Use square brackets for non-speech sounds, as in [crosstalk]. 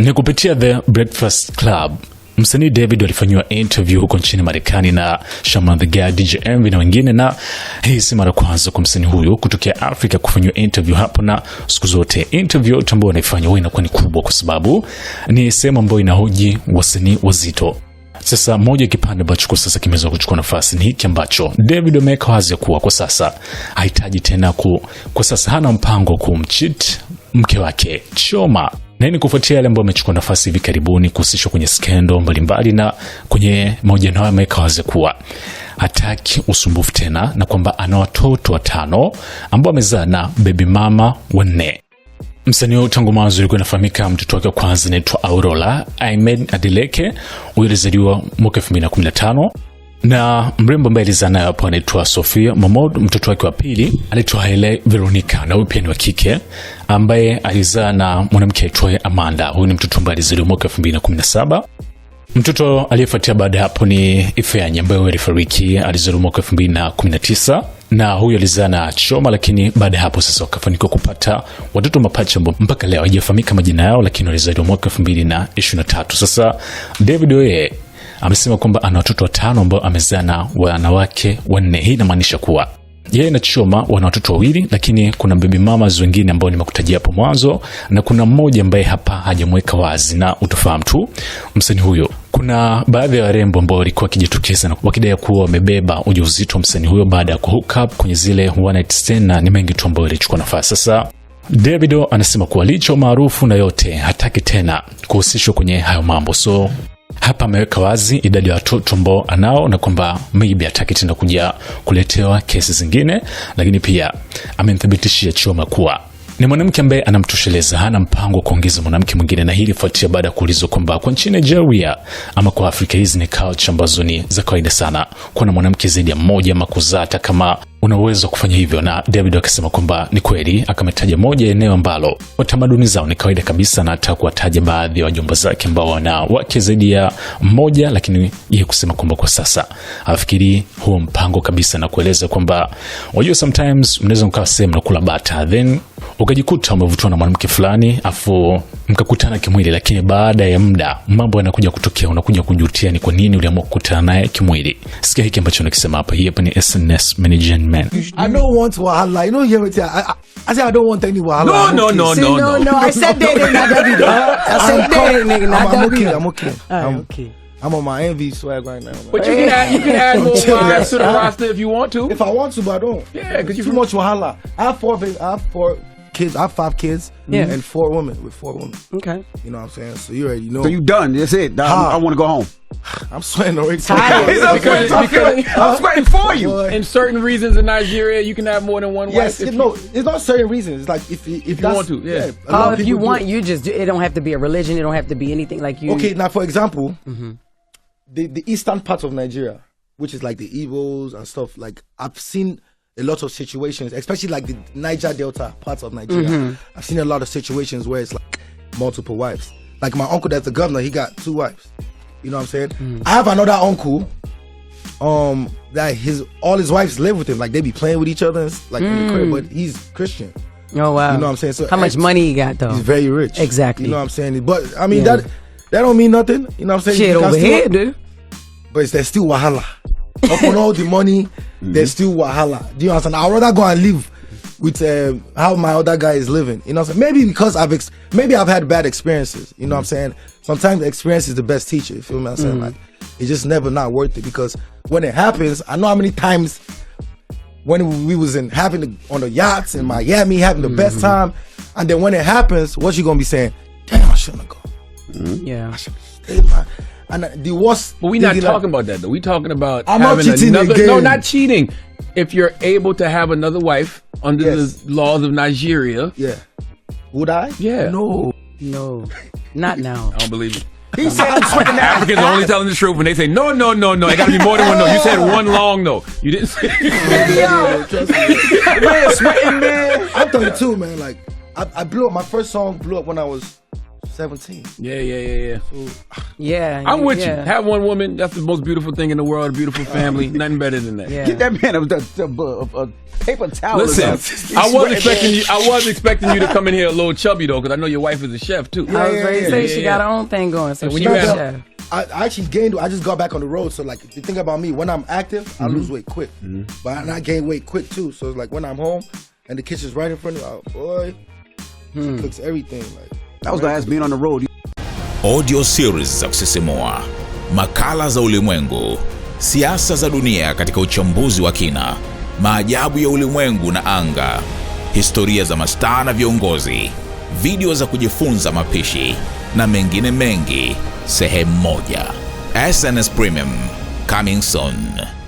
Ni kupitia The Breakfast Club msanii David alifanyiwa interview huko nchini Marekani na shamandhiga DJ mv na wengine, na hii si mara kwanza kwa msanii huyo kutokea Afrika kufanyiwa interview hapo, na siku zote interview yote ambayo wanaifanya huwa inakuwa ni kubwa, kwa sababu ni sehemu ambayo inahoji wasanii wazito. Sasa moja kipande ambacho kwa sasa kimeweza kuchukua nafasi ni hiki ambacho David ameweka wazi ya kuwa kwa sasa hahitaji tena ku, kwa sasa hana mpango kumchit mke wake Choma. Na hii ni kufuatia yale ambayo amechukua nafasi hivi karibuni kuhusishwa kwenye skendo mbalimbali na kwenye mahojiano hayo ameweka wazi kuwa hataki usumbufu tena na kwamba ana watoto watano ambao amezaa na bebi mama wanne. Msanii huyu tangu mwanzo alikuwa inafahamika mtoto wake wa kwanza inaitwa aurola aimed Adeleke, uyo alizaliwa mwaka 2015 na mrembo ambaye alizaa naye hapo anaitwa Sofia Mahmoud. Mtoto wake wa pili anaitwa Hele Veronica, na huyu pia ni wa kike ambaye alizaa na mwanamke aitwaye Amanda. Huyu ni mtoto ambaye alizaliwa mwaka 2017. Mtoto aliyefuatia baada ya hapo ni Ifeanyi ambaye alifariki, alizaliwa mwaka 2019 na na huyu alizaa na Choma, lakini baada ya hapo sasa wakafanikiwa kupata watoto mapacha ambao mpaka leo haijafahamika majina yao, lakini walizaliwa mwaka 2023. Sasa David Oye amesema kwamba ana watoto watano ambao amezaa na wanawake wanne. Hii inamaanisha kuwa yeye na Chioma wana watoto wawili, lakini kuna bibi mama wengine ambao nimekutajia hapo mwanzo, na kuna mmoja ambaye hapa hajamweka wazi, na utafahamu tu msanii huyo. Kuna baadhi ya warembo ambao walikuwa wakijitokeza na wakidai kuwa wamebeba ujauzito wa msanii huyo baada ya kuhook up kwenye zile one night stand, na ni mengi tu ambayo ilichukua nafasi. Sasa Davido anasema kuwa licha umaarufu na yote hataki tena kuhusishwa kwenye hayo mambo so hapa ameweka wazi idadi ya watoto ambao anao na kwamba maybe hataki tena kuja kuletewa kesi zingine, lakini pia amemthibitishia Chioma kuwa ni mwanamke ambaye anamtosheleza, hana mpango wa kuongeza mwanamke mwingine, na hii ilifuatia baada ya kuulizwa kwamba kwa nchini Nigeria ama kwa Afrika hizi ni culture ambazo ni za kawaida sana kuwa na mwanamke zaidi ya mmoja ama kuzaa hata kama una uwezo wa kufanya hivyo, na David akasema kwamba ni kweli. Akametaja moja eneo ambalo watamaduni tamaduni zao ni kawaida kabisa, na hata kuwataja baadhi ya wajomba zake ambao wana wake zaidi ya mmoja, lakini yeye kusema kwamba kwa sasa afikiri huo mpango kabisa, na kueleza kwamba wajua sometimes unaweza ukawa sehemu na kula bata, then ukajikuta umevutwa na mwanamke fulani afu mkakutana kimwili, lakini baada ya muda mambo yanakuja kutokea, unakuja kujutia ni kwa nini uliamua kukutana naye kimwili. Sikia hiki ambacho nakisema hapa. Hii hapa ni SNS management. I don't want wahala. You know here I, I I don't want any wahala. No, no, no, no, no. No, I said there in Nadavido. I said there in Nadavido. I'm okay. I'm okay. I'm on my envy swag right now. Man. But you can add, you can add [laughs] more wives to the roster if you want to. If I want to, but I don't. Yeah, because you too much wahala. I have four, I have four kids. I have five kids yeah. and four women with four women. Okay. You know what I'm saying? So you already know. So you done. That's it. I, I want to go home. [sighs] I'm sweating already. because, because, because, I'm sweating for you. In certain reasons in Nigeria, you can have more than one yes, wife. Yes, no, it's not certain reasons. It's like if, if, if you want to, yeah. yeah if you want, do. you just, do, it don't have to be a religion. It don't have to be anything like you. Okay, now for example, mm-hmm. the, the eastern part of Nigeria, which is like the evils and stuff, like I've seen a lot of situations, especially like the Niger Delta parts of Nigeria. Mm-hmm. I've seen a lot of situations where it's like multiple wives. Like my uncle that's the governor, he got two wives. You know what I'm saying? mm I have another uncle. Um, that his all his wives live with him. Like they be playing with each other, like mm. in the crib, mm. but he's Christian. Oh wow! You know what I'm saying? So how much money he got though? He's very rich. Exactly. You know what I'm saying? But I mean yeah. that that don't mean nothing. You know what I'm saying? Shit over here, dude. But it's there's still wahala. on all the money mm-hmm. there's still wahala. Do you understand? I'd rather go and live with uh, how my other guy is living. You know, what I'm saying? maybe because I've ex- maybe I've had bad experiences. You know, what I'm mm-hmm. saying sometimes experience is the best teacher. You feel me? I'm saying mm-hmm. like it's just never not worth it because when it happens, I know how many times when we was in having the, on the yachts in Miami having the mm-hmm. best time, and then when it happens, what you gonna be saying? Damn, I shouldn't have gone. Mm-hmm. Yeah, I should have stayed and the worst. But we're not talking like, about that though. We're talking about I'm having not cheating another, again. No, not cheating. If you're able to have another wife under yes. the laws of Nigeria, yeah, would I? Yeah, no, no, not now. I don't believe it. He said, Africans are only telling the truth when they say, no, no, no, no. It got to be more than one no. You said one long no. You didn't say. [laughs] yeah, Man, sweating, man. I'm 32, man. Like, I, I blew up. My first song blew up when I was 17. Yeah, yeah, yeah, yeah. Yeah. I'm with you. Have one woman. That's the most beautiful thing in the world. A beautiful family. Nothing better than that. Yeah. Get that man a, a, a, a paper towel. Listen, I was expecting you. I was expecting you to come in here a little chubby though, because I know your wife is a chef too. I was ready to say she got her own thing going. So when you had, chef. I, I, actually gained. I just got back on the road, so like the thing about me, when I'm active, mm-hmm. I lose weight quick, mm-hmm. but I, and I gain weight quick too. So it's like when I'm home and the kitchen's right in front of me, oh, boy, hmm. cooks everything. Like That was the ass being on the road. Audio series za kusisimua, makala za ulimwengu, siasa za dunia katika uchambuzi wa kina, maajabu ya ulimwengu na anga, historia za mastaa na viongozi, video za kujifunza mapishi na mengine mengi, sehemu moja. SNS Premium coming soon.